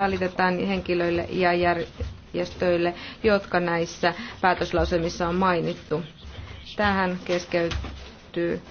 välitetään henkilöille ja järjestöille, jotka näissä päätöslauselmissa on mainittu. Tähän keskeytyy